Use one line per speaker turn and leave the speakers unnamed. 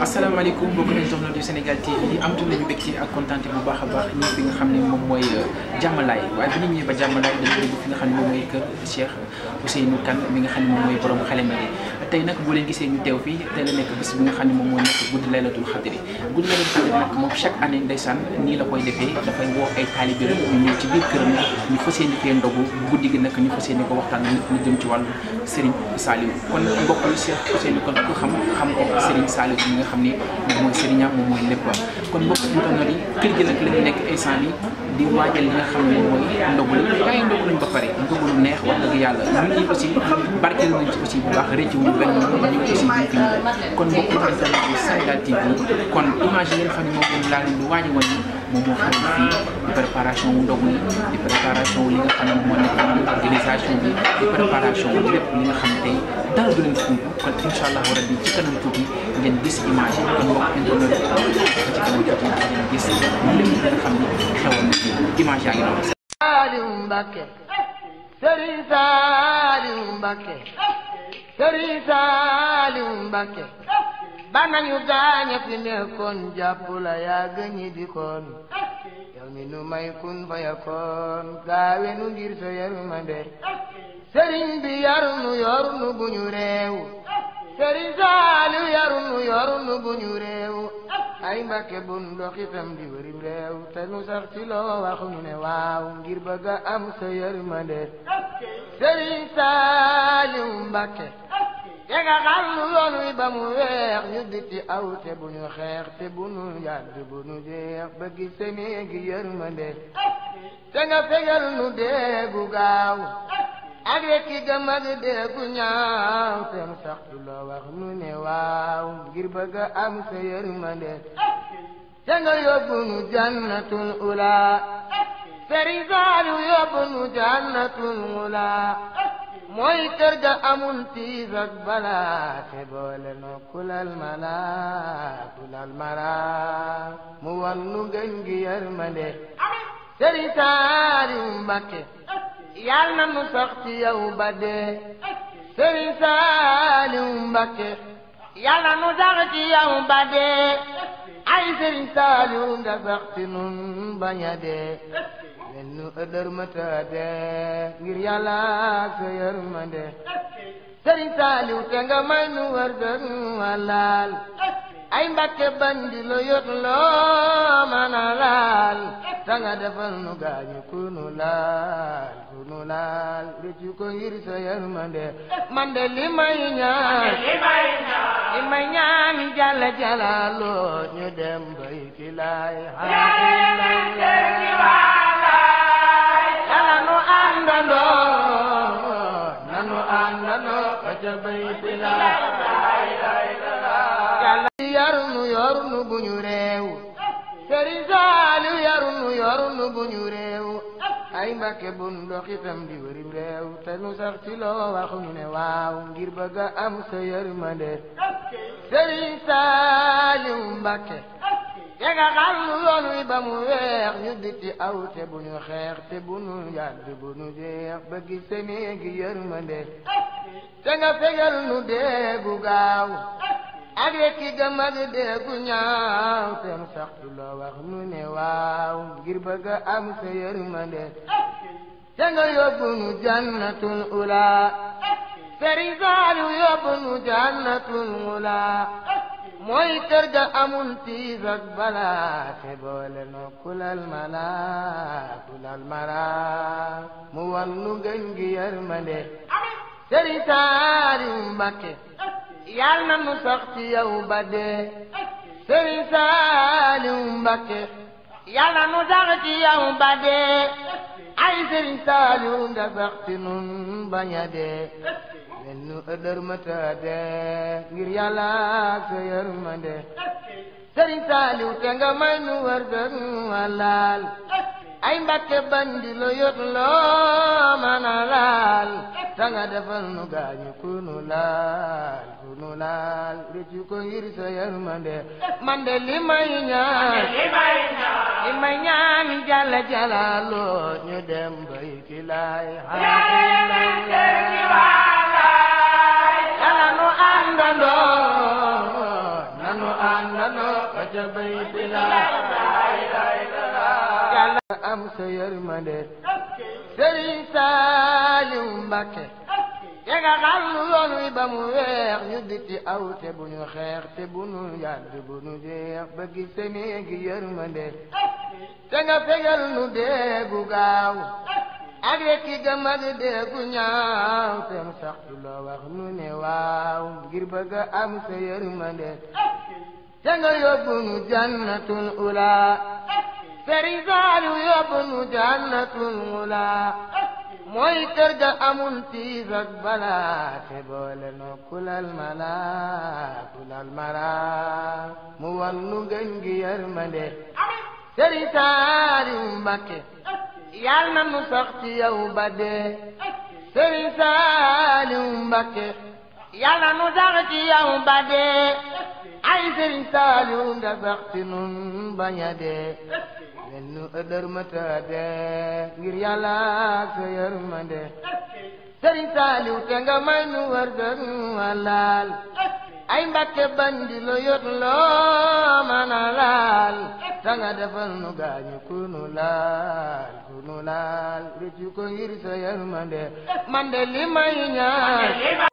asalaamaaleykum mbokk nañ journal du Sénégal TV amtu nañu mbégte ak a baax ne moom mooy euh, jàmmalaay waaye bi ñu ñëwee ba jàmmalaay dañu dugg fi nga xam ne moom mooy kër Cheikh Ousseynou Kane mi nga xam ne moom mooy borom xalima gi tey nag boo leen gisee ñu teew fii tey bi nga xam ne moom mooy nekk guddi laylatul xadri guddi laylatul xadri nag moom chaque année ndeysaan nii la koy defee dafay woo ay taalibe ñu ñëw ci biir këram ñu fas yéene fee ndogu guddi gi nag ñu fas yéene ko waxtaan ñu jëm ci wàllu Serigne Saliou kon mbokk Cheikh Ousseynou Kane ko xam xam ko Serigne Saliou xam ni moom mooy sëriñam moom mooy léppam kon mbokk internet yi kër gi nag la nekk instant bi di waajal li nga xam ne mooy ndogalu yaa ngi ndogaluñ ba pare ndogalu neex wax dëgg yàlla ñun ñi aussi barkeel nañ ci aussi bu baax rëcc wuñu benn ñu aussi ñu fi ñëw kon mbokk internet yi Sénégal TV kon image yi nga xam ne moom laa leen di waaj a wan moom moo xew fii di préparation wu ndogu yi di préparation wu li nga xam ne moo nekk organisation bi di préparation wu lépp li nga xam ne tey dara du leen fumb kon incha allah rabbi ci kanam tuuti ngeen gis image yi kon mbokk internet ci kanam tuuti ngeen gis lépp li nga xam ne xewoon na fii image yaa ngi noonu.
Saliou Mbacké Serigne Saliou Mbacké Serigne Saliou Mbacké ba nañu gaañe fi nekkoon jàpp yaa gëñi di koon yow mi nu may kun fa yakoon gaawe nu ngir sa yërmande sëriñ bi yaru nu yoru nu bu ñu sëriñ Saaliw yaru nu yoru nu bu ñu réew ay Mbàkke bun doxitam di wërim réew te nu sax ci loo wax ne waaw ngir bëgg a am sa yërmande
sëriñ Saaliw Mbàkke te nga xam lu yoon wi ba mu weex ñu
di aw te bu ñu xeex te bu ñu yàgg bu ñu jeex ba gis seen gi yërmande
te nga fegal nu déggu gaaw ak rekki gëm ak déggu ñaaw seen
sax du la wax nu ne waaw ngir bëgg am sa yërmande
te nga yóbbu nu jannatul ula Sëriñ Saalu yóbbu nu jannatul ula mooy kër ga amul
tiis ak balaa te boole no kulal mala kulal mala mu wan gën gi yërmande sëriñ Saaliw Mbàkke yàlla na nu ci yow ba dee sëriñ Saaliw Mbàkke yàlla nu ci yow ba dee ay sëriñ Saaliw nga sax nun bañ a dee len nu ëllër matade ngir yàlla sa yërmande
sëriñ Saaliw te nga may nu wër dën walaal ay
Mbàkke bandi yot loo manal tanga defal nu gaañu kunu laal kunu laal rëccu ko ngir sa yërmande man de li may ñaan li may ñaan jàlla jàllaloo ñu dem bay ci laay yàlla
nu àndandoo nanu àndandoo
ba ca bay ci laay yàlla yar nu yor nu bu buñu réew ay mbàkke bun dox itam di wërim réew te nu sax ci loo wax ne waaw ngir bëgg a am sa yërmande
sëriñ Saaliw Mbàkke te nga xam nu yoon wi ba mu weex
ñu biti aw te bu ñu xeex te bu ñu yàdd bu ñu jeex ba gis sa néegi yërmande
te nga fegal nu deegu gaaw ak rekki gëmag déggu ñaaw seen
saxtu la wax nu ne waaw ngir bëgg am sa yërmande
te nga yóbbu nu jannatul ula sëriñ Saalu yóbbu nu jannatul ula mooy kër ga amul
tiis balaa te boole no kulal mala kulal mala mu wan gën gi yërmande sëriñ Saalu Mbàkke yàlla na nu sax yow ba dee sëriñ Saaliw Mbakke yàlla nu sax ci yow ba dee ay sëriñ Saaliw nga sax nun bañ a dee len nu dee ngir yàlla ak sa yërmande
Saaliw te nga may nu wër dëgg walaal ay
mbakke bandi la loo mën a laal tanga defal nu gaañu ku nu laal ku nu laal rëccu ko ngir sa yërmande man de li may ñaan li may ñaan jalla jalaaloo ñu dem bay kilaay yàlla
nu àndandoo nanu àndandoo
ba ca bay kilaay yàlla am sa yërmande sëriñ Saaliw Mbàkke
te nga xam nu yoon wi ba mu weex
ñu di aw te bu ñu xeex te bu ñu yàdd bu ñu jeex ba gi senee gi yërmande
nga fegal nu deegu gaaw ak rekki gëmag deegu ñaaw tem sax du
la nu ne waaw ngir bëgg am sa yërmande te nga yóbbu nu jannatul ulaa
فرزال يبن
جنة الغلا
mooy kër ga amul tiis ak
balaa te boole no kulal mala kulal mala mu wan gën gi yërmande sëriñ Saaliw Mbàkke yal na nu sax ci yow ba dee sëriñ Saaliw yal na nu sax ci yow ba
ay sëriñ Saaliw
nda sax nun bañ a dee nu ëdër mata dee ngir yàlla sa yërmande
sëriñ Saaliw te nga may
nu wër gën walaal ay mbàkke bandi lo yot loo mën laal ta nga defal nu gaañu kunu laal kunu laal rëccu ko ngir sa yërmande man de li may ñaan